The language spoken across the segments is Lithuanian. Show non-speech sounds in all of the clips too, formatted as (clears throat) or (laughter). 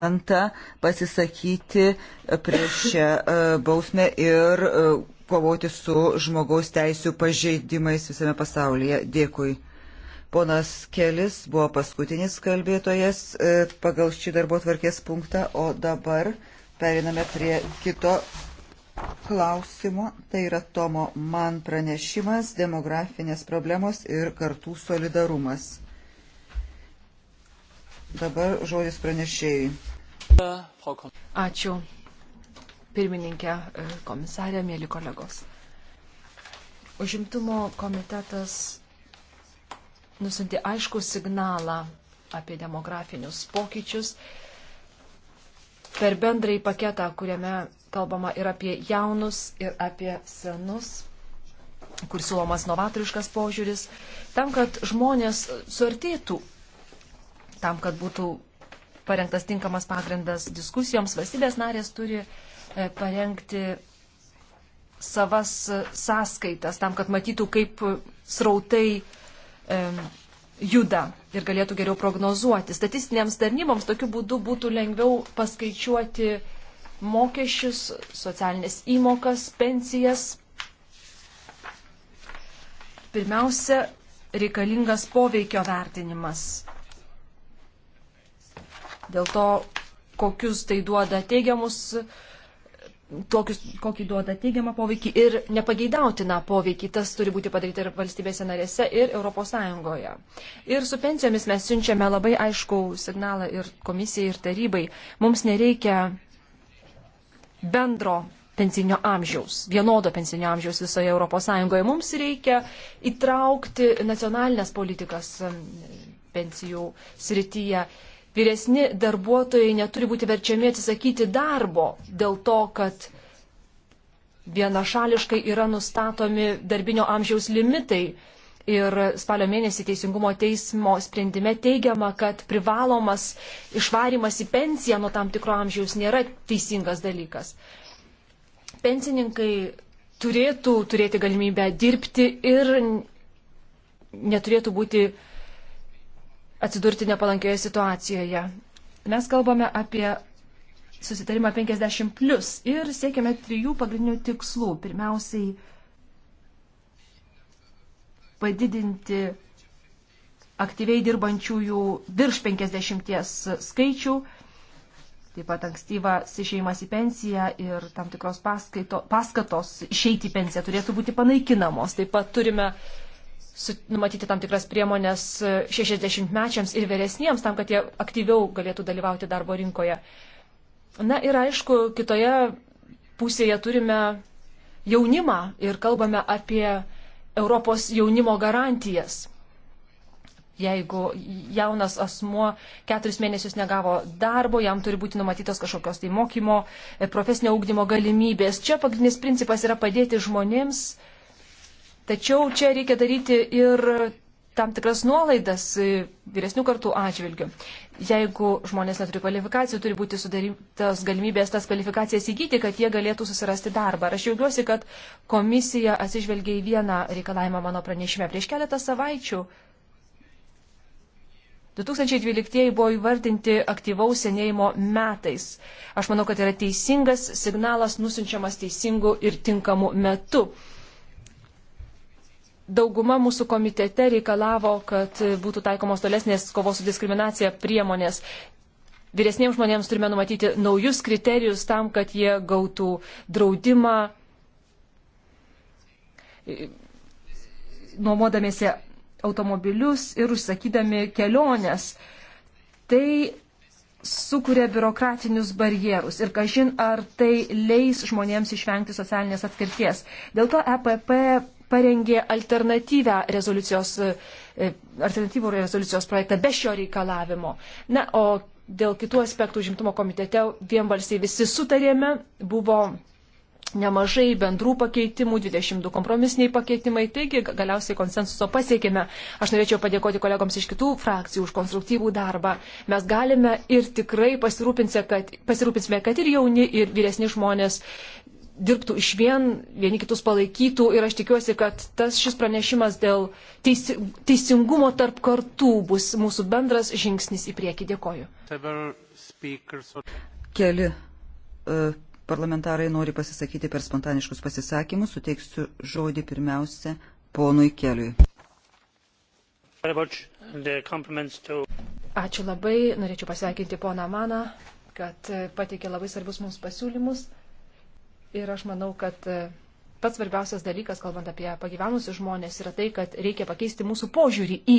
parlamentą pasisakyti e, prieš šią e, bausmę ir e, kovoti su žmogaus teisų pažeidimais visame pasaulyje. Dėkui. Ponas Kelis buvo paskutinis kalbėtojas pagal šį darbo tvarkės punktą, o dabar periname prie kito klausimo. Tai yra Tomo man pranešimas, demografinės problemos ir kartų solidarumas. Dabar žodis pranešėjai. Ačiū. Pirmininkė, e, komisarė, mėly kolegos. Užimtumo komitetas nusinti aišku signalą apie demografinius pokyčius per bendrąjį paketą, kuriame kalbama ir apie jaunus, ir apie senus, kur siūlomas novatoriškas požiūris, tam, kad žmonės suartėtų tam, kad būtų parengtas tinkamas pagrindas diskusijoms, valstybės narės turi e, parengti savas e, sąskaitas tam, kad matytų, kaip srautai e, juda ir galėtų geriau prognozuoti. Statistinėms tarnyboms tokiu būdu būtų lengviau paskaičiuoti mokesčius, socialinės įmokas, pensijas. Pirmiausia, reikalingas poveikio vertinimas dėl to, kokius tai duoda teigiamus, tokius, kokį duoda teigiamą poveikį ir nepageidautiną poveikį. Tas turi būti padaryta ir valstybėse narėse, ir ES. Ir su pensijomis mes siunčiame labai aišku signalą ir komisijai, ir tarybai. Mums nereikia bendro pensinio amžiaus, vienodo pensinio amžiaus visoje ES. Mums reikia įtraukti nacionalinės politikas pensijų srityje vyresni darbuotojai neturi būti verčiami atsisakyti darbo dėl to, kad vienašališkai yra nustatomi darbinio amžiaus limitai. Ir spalio mėnesį Teisingumo teismo sprendime teigiama, kad privalomas išvarimas į pensiją nuo tam tikro amžiaus nėra teisingas dalykas. Pensininkai turėtų turėti galimybę dirbti ir neturėtų būti uh, atsidurti nepalankioje situacijoje. Mes kalbame apie susitarimą 50 plus ir siekiame trijų pagrindinių tikslų. Pirmiausiai padidinti aktyviai dirbančiųjų virš 50 skaičių, taip pat ankstyvas išeimas į pensiją ir tam tikros paskaito, paskatos išeiti į pensiją turėtų būti panaikinamos. Taip pat turime uh, numatyti tam tikras priemonės 60-mečiams e, ir vyresniems, tam, kad jie aktyviau galėtų dalyvauti darbo rinkoje. Na ir aišku, kitoje pusėje turime jaunimą ir kalbame apie Europos jaunimo garantijas. Jeigu jaunas asmuo keturis mėnesius negavo darbo, jam turi būti numatytos kažkokios tai mokymo, e, profesinio augdymo galimybės. Čia pagrindinis principas yra padėti žmonėms uh, Tačiau čia reikia daryti ir tam tikras nuolaidas vyresnių kartų atžvilgių. Jeigu žmonės neturi kvalifikacijų, turi būti sudarytas galimybės tas kvalifikacijas įgyti, kad jie galėtų susirasti darbą. Aš jaugiuosi, kad komisija atsižvelgia į vieną reikalavimą mano pranešime. Prieš keletą savaičių 2012 buvo įvardinti aktyvaus senėjimo metais. Aš manau, kad tai yra teisingas signalas nusinčiamas teisingu ir tinkamu metu dauguma mūsų komitete reikalavo, kad būtų taikomos tolesnės kovos su diskriminacija priemonės. Vyresniems žmonėms turime numatyti naujus kriterijus tam, kad jie gautų draudimą nuomodamėsi automobilius ir užsakydami keliones. Tai sukuria biurokratinius barjerus ir kažin ar tai leis žmonėms išvengti socialinės atskirties. Dėl to EPP parengė alternatyvę rezoliucijos, e, e, alternatyvų rezoliucijos projektą be šio reikalavimo. Na, o dėl kitų aspektų žimtumo komitete vienbalsiai visi sutarėme, buvo nemažai bendrų pakeitimų, 22 kompromisiniai pakeitimai, taigi galiausiai konsensuso pasiekėme. Aš norėčiau padėkoti kolegoms iš kitų frakcijų už konstruktyvų darbą. Mes galime ir tikrai pasirūpinsime, kad, pasirūpinsime, kad ir jauni, ir vyresni žmonės dirbtų iš vien, vieni kitus palaikytų ir aš tikiuosi, kad tas šis pranešimas dėl teisi, teisingumo tarp kartų bus mūsų bendras žingsnis į priekį. Dėkoju. Keli uh, parlamentarai nori pasisakyti per spontaniškus pasisakymus. Suteiksiu žodį pirmiausia ponui Keliui. Ačiū labai, norėčiau pasveikinti poną Maną, kad pateikė labai svarbus mums pasiūlymus Ir aš manau, kad e, pats svarbiausias dalykas, kalbant apie pagyvenusius žmonės, yra tai, kad reikia pakeisti mūsų požiūrį į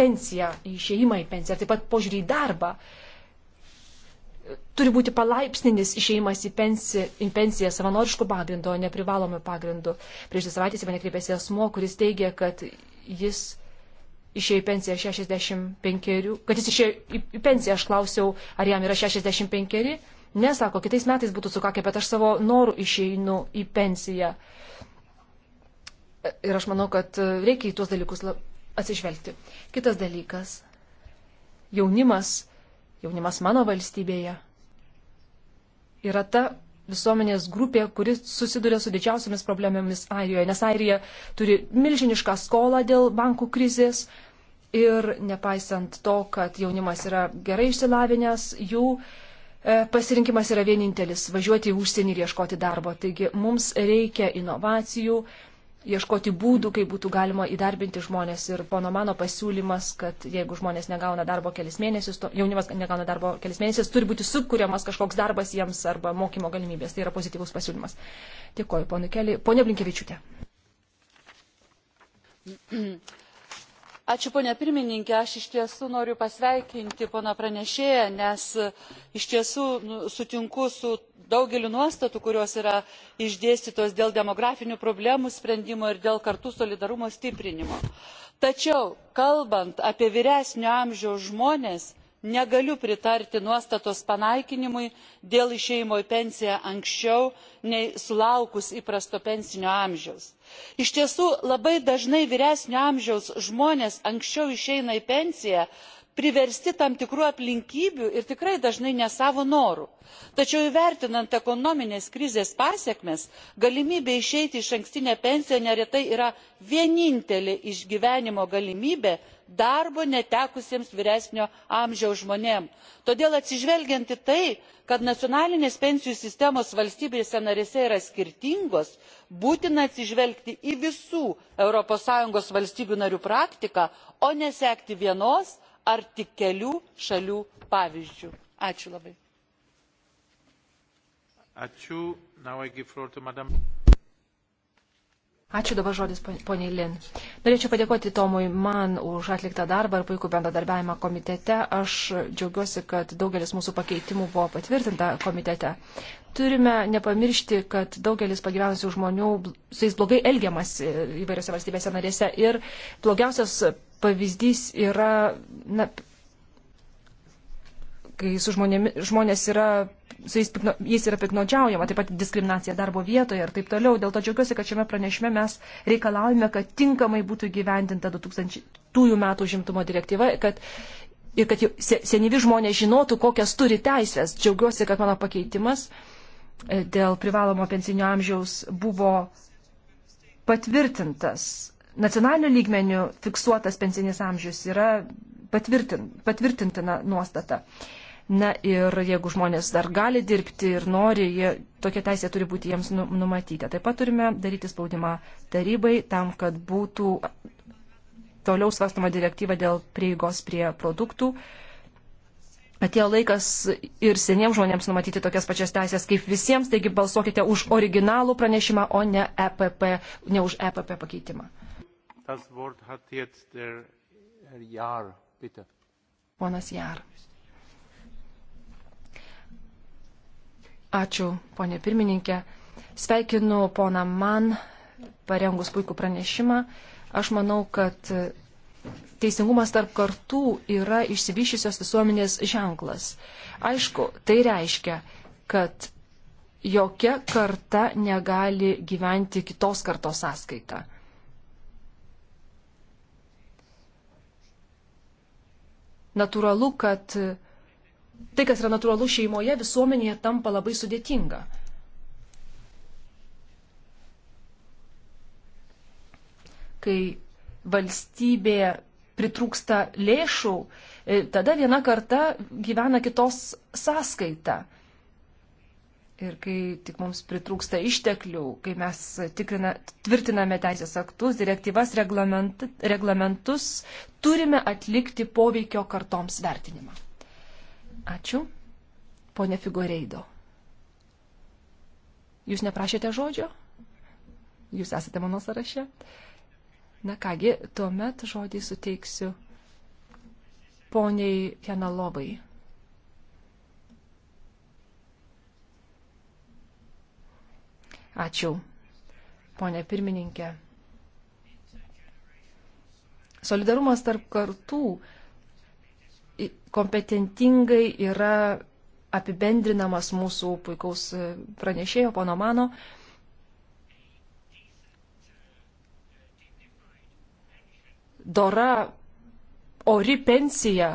pensiją, į išėjimą į pensiją, taip pat požiūrį į darbą. Turi būti palaipsninis išėjimas į pensiją, į pensiją savanoriškų pagrindo, neprivalomių pagrindų. Prieš dvi savaitės į mane kreipėsi asmo, kuris teigia, kad jis išėjo į pensiją 65, kad jis išėjo į pensiją, aš klausiau, ar jam yra 65 Nesako, kitais metais būtų sukakę, bet aš savo norų išeinu į pensiją. Ir aš manau, kad reikia į tuos dalykus atsižvelgti. Kitas dalykas. Jaunimas, jaunimas mano valstybėje yra ta visuomenės grupė, kuri susiduria su didžiausiamis problemomis Airijoje, nes Airija turi milžinišką skolą dėl bankų krizės ir nepaisant to, kad jaunimas yra gerai išsilavinęs, jų uh, E, pasirinkimas yra vienintelis - važiuoti į užsienį ir ieškoti darbo. Taigi mums reikia inovacijų, ieškoti būdų, kaip būtų galima įdarbinti žmonės. Ir pono mano pasiūlymas, kad jeigu žmonės negauna darbo kelis mėnesius, to, jaunimas negauna darbo kelis mėnesius, turi būti sukūriamas kažkoks darbas jiems arba mokymo galimybės. Tai yra pozityvus pasiūlymas. Dėkoju, ponui Keliai. Pone Blinkevičiūtė. (clears throat) aš iš tiesų noriu pasveikinti poną pranešėją nes e, iš tiesų nu, sutinku su daugeliu nuostatų kurios yra išdėstytos dėl demografinių problemų sprendimo ir dėl kartų solidarumo stiprinimo. tačiau kalbant apie vyresnio amžiaus žmones negaliu pritarti nuostatos panaikinimui dėl išėjimo į pensiją anksčiau nei sulaukus įprasto pensinio amžiaus. iš tiesų labai dažnai vyresnio amžiaus žmonės anksčiau išeina į pensiją priversti tam tikrų aplinkybių ir tikrai dažnai ne savo norų tačiau įvertinant ekonominės krizės pasekmes galimybė išeiti į išankstinę pensiją neretai yra vienintelė išgyvenimo galimybė darbo netekusiems vyresnio amžiaus žmonėms. todėl atsižvelgiant į tai kad nacionalinės pensijų sistemos valstybėse narėse yra skirtingos būtina atsižvelgti į visų europos sąjungos valstybių narių praktiką o ne sekti vienos ar tik kelių šalių pavyzdžių. Ačiū labai. Ačiū. Ačiū dabar žodis poniai Lin. Norėčiau padėkoti Tomui man už atliktą darbą ir puikų bendradarbiavimą komitete. Aš džiaugiuosi, kad daugelis mūsų pakeitimų buvo patvirtinta komitete. Turime nepamiršti, kad daugelis pagyvenusių žmonių su jais blogai elgiamasi įvairiose valstybėse narėse. Ir blogiausias pavyzdys yra, na, kai su žmonėmi, žmonės yra su jais, jais yra piknaudžiaujama, taip pat diskriminacija darbo vietoje ir taip toliau. Dėl to džiaugiuosi, kad šiame pranešime mes reikalaujame, kad tinkamai būtų gyvendinta 2000 metų žimtumo direktyva kad, ir kad senyvi žmonės žinotų, kokias turi teisės. Džiaugiuosi, kad mano pakeitimas e, dėl privalomo pensinio amžiaus buvo patvirtintas. Nacionaliniu lygmeniu fiksuotas pensinis amžius yra patvirtin, patvirtintina nuostata. Uh, Na ir jeigu žmonės dar gali dirbti ir nori, jie, tokia teisė turi būti jiems nu, numatyta. Taip pat turime daryti spaudimą tarybai tam, kad būtų toliau svarstama direktyva dėl prieigos prie produktų. Atėjo laikas ir seniems žmonėms numatyti tokias pačias teisės kaip visiems, taigi balsuokite už originalų pranešimą, o ne, EPP, ne už EPP pakeitimą. Ponas Jar. Ačiū, ponė pirmininkė. Sveikinu poną man, parengus puikų pranešimą. Aš manau, kad teisingumas tarp kartų yra išsivyšysios visuomenės ženklas. Aišku, tai reiškia, kad jokia karta negali gyventi kitos kartos sąskaita. Natūralu, kad tai, kas yra natūralu šeimoje, visuomenėje tampa labai sudėtinga. Kai valstybė pritrūksta lėšų, e, tada viena karta gyvena kitos sąskaita. Ir kai tik mums pritrūksta išteklių, kai mes tikrina, tvirtiname teisės aktus, direktyvas, reglament, reglamentus, turime atlikti poveikio kartoms vertinimą. Ačiū. Pone Figureido. Jūs neprašėte žodžio? Jūs esate mano sąraše? Na kągi, tuomet žodį suteiksiu poniai Janalovai. Ačiū, ponė pirmininkė. Solidarumas tarp kartų kompetentingai yra apibendrinamas mūsų puikaus e, pranešėjo, pono mano. Dora, ori pensija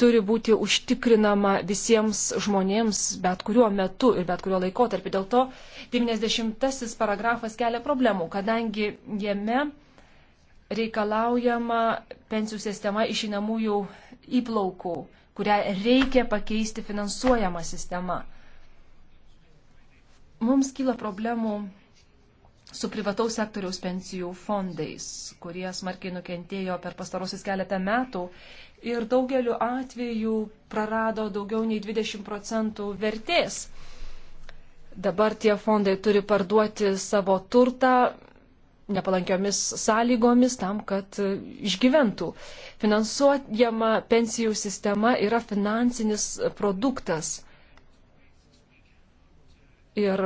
turi būti užtikrinama visiems žmonėms bet kuriuo metu ir bet kuriuo laikotarpiu. Dėl to 90 paragrafas kelia problemų, kadangi jame reikalaujama pensijų sistema išinamųjų įplaukų, kurią reikia pakeisti finansuojama sistema. Mums kyla problemų su privataus sektoriaus pensijų fondais, kurie smarkiai nukentėjo per pastarosius keletą metų ir daugeliu atveju prarado daugiau nei 20 procentų vertės. Dabar tie fondai turi parduoti savo turtą, nepalankiomis sąlygomis tam, kad e, išgyventų. Finansuojama pensijų sistema yra finansinis produktas. Ir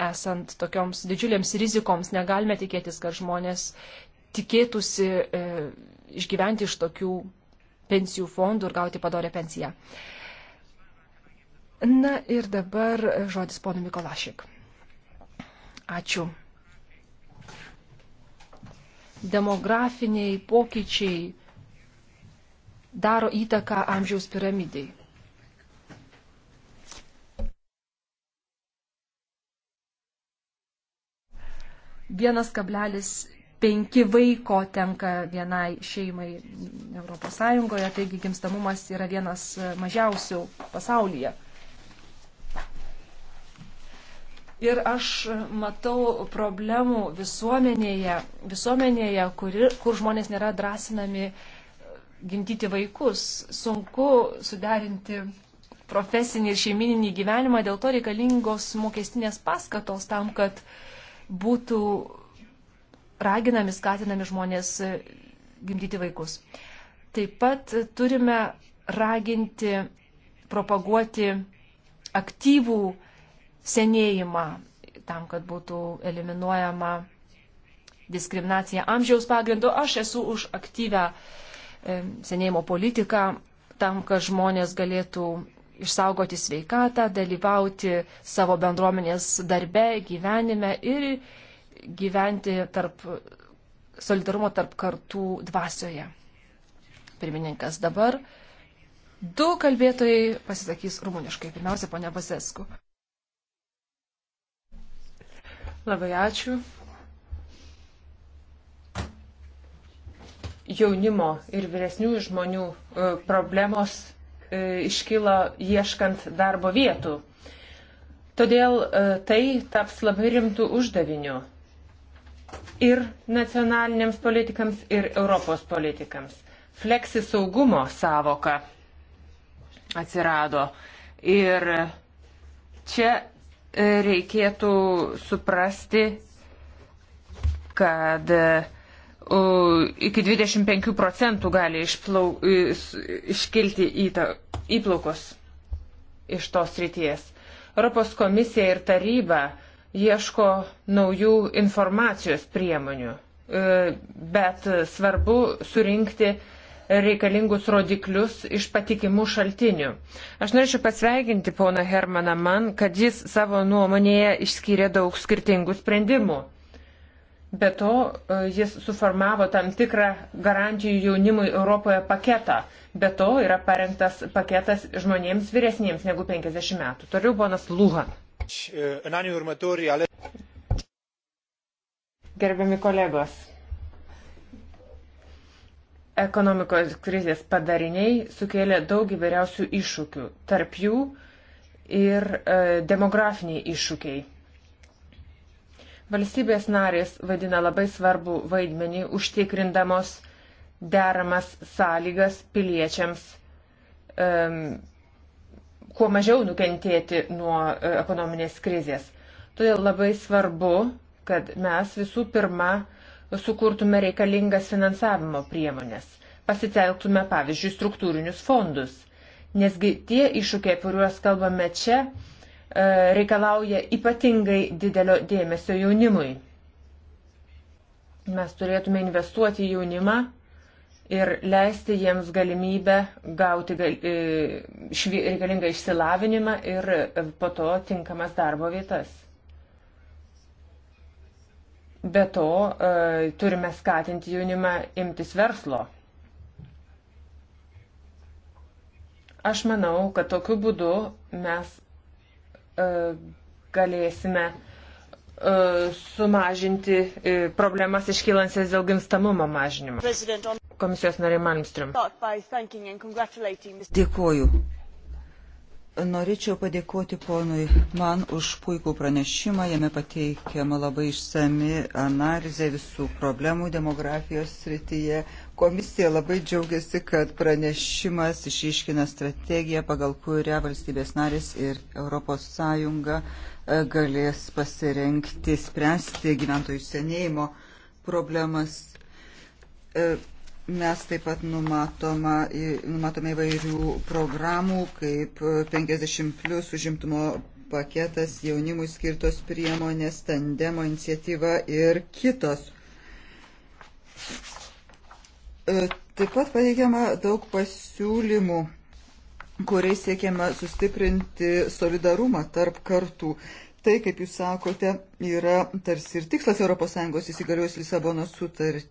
esant tokioms didžiulėms rizikoms negalime tikėtis, kad žmonės tikėtųsi e, išgyventi iš tokių pensijų fondų ir gauti padorę pensiją. Na ir dabar žodis ponui Mikolašik. Ačiū, demografiniai pokyčiai daro įtaką amžiaus piramidai. Vienas kablelis penki vaiko tenka vienai šeimai ES, taigi gimstamumas yra vienas mažiausių pasaulyje. Ir aš matau problemų visuomenėje, visuomenėje kur, kur žmonės nėra drąsinami gimdyti vaikus. Sunku suderinti profesinį ir šeimininį gyvenimą, dėl to reikalingos mokestinės paskatos tam, kad būtų raginami, skatinami žmonės gimdyti vaikus. Taip pat turime raginti, propaguoti aktyvų senėjimą, tam, kad būtų eliminuojama diskriminacija amžiaus pagrindu. Aš esu už aktyvę e, senėjimo politiką, tam, kad žmonės galėtų išsaugoti sveikatą, dalyvauti savo bendruomenės darbe, gyvenime ir gyventi tarp solidarumo tarp kartų dvasioje. Pirmininkas dabar. Du kalbėtojai pasisakys rumuniškai. Pirmiausia, ponia Basesku. Labai ačiū. Jaunimo ir vyresnių žmonių e, problemos e, iškyla ieškant darbo vietų. Todėl e, tai taps labai rimtų uždavinių ir nacionaliniams politikams, ir Europos politikams. Fleksi saugumo savoka atsirado. Ir čia reikėtų suprasti, kad e, iki 25 procentų gali išplau, iškilti įta, įplaukos iš tos ryties. Europos komisija ir taryba ieško naujų informacijos priemonių, e, bet svarbu surinkti reikalingus rodiklius iš patikimų šaltinių. Aš norėčiau pasveikinti poną Hermaną man, kad jis savo nuomonėje išskyrė daug skirtingų sprendimų. Be to, e, jis suformavo tam tikrą garantijų jaunimui Europoje paketą. Be to, yra parengtas paketas žmonėms vyresniems negu 50 metų. Toliau ponas Luhan. E, Gerbiami kolegos, Ekonomikos krizės padariniai sukėlė daug įvairiausių iššūkių, tarp jų ir e, demografiniai iššūkiai. Valstybės narės vaidina labai svarbu vaidmenį užtikrindamos deramas sąlygas piliečiams um, kuo mažiau nukentėti nuo e, ekonominės krizės. Todėl labai svarbu, kad mes visų pirma uh, sukurtume reikalingas finansavimo priemonės, pasitelktume pavyzdžiui struktūrinius fondus, nesgi tie iššūkiai, kuriuos kalbame čia, e, reikalauja ypatingai didelio dėmesio jaunimui. Mes turėtume investuoti į jaunimą ir leisti jiems galimybę gauti gal, e, švi, reikalingą išsilavinimą ir e, po to tinkamas darbo vietas. Be to, e, turime skatinti jaunimą imtis verslo. Aš manau, kad tokiu būdu mes e, galėsime e, sumažinti problemas iškylančias dėl gimstamumo mažinimo. Komisijos narė Malmström. Dėkuoju. Norėčiau padėkoti ponui man už puikų pranešimą. Jame pateikiama labai išsami analizė visų problemų demografijos srityje. Komisija labai džiaugiasi, kad pranešimas išiškina strategiją, pagal kurią valstybės narės ir ES e, galės pasirenkti spręsti gyventojų senėjimo problemas e, Mes taip pat numatoma, numatome įvairių programų, kaip 50 plus užimtumo paketas, jaunimui skirtos priemonės, tandemo iniciatyva ir kitos. E, taip pat pateikiama daug pasiūlymų, kuriais siekiama sustiprinti solidarumą tarp kartų. Tai, kaip jūs sakote, yra tarsi ir tikslas ES įsigaliojus Lisabono sutartį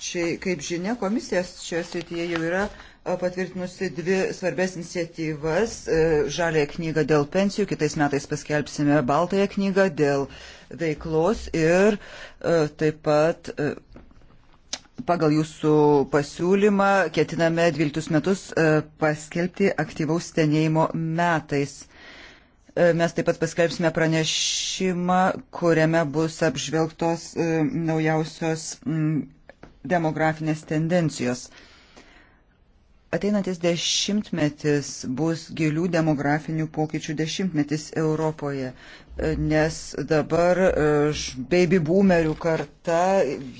sparčiai. Kaip žinia, komisijas šioje srityje jau yra patvirtinusi dvi svarbės iniciatyvas e, - žalėją knygą dėl pensijų, kitais metais paskelbsime baltąją knygą dėl veiklos ir e, taip pat e, pagal jūsų pasiūlymą ketiname 12 metus paskelbti aktyvaus tenėjimo metais. Mes taip pat paskelbsime pranešimą, kuriame bus apžvelgtos naujausios demografinės tendencijos. Ateinantis dešimtmetis bus gilių demografinių pokyčių dešimtmetis Europoje, nes dabar e, baby boomerių karta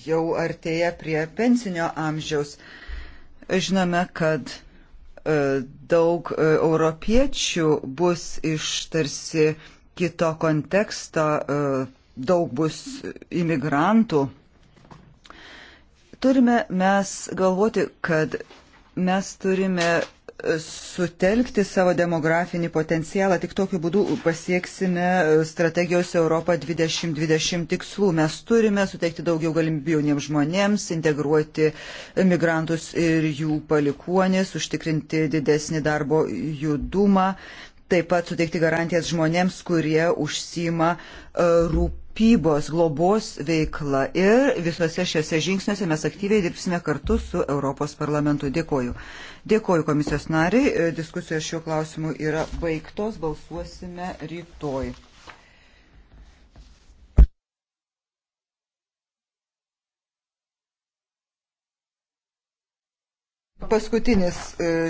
jau artėja prie pensinio amžiaus. Žinome, kad e, daug e, europiečių bus iš tarsi kito konteksto, daug bus imigrantų Turime mes galvoti, kad mes turime e, sutelkti savo demografinį potencialą, tik tokiu būdu pasieksime e, strategijos Europą 2020 tikslų. Mes turime suteikti daugiau galimybių jauniems žmonėms, integruoti migrantus ir jų palikuonis, užtikrinti didesnį darbo judumą, taip pat suteikti garantijas žmonėms, kurie užsima e, rūp rūpybos, globos veikla ir visose šiuose žingsniuose mes aktyviai dirbsime kartu su Europos parlamentu. Dėkoju. Dėkoju komisijos nariai. E, diskusijos šiuo klausimu yra baigtos. Balsuosime rytoj. Paskutinis e,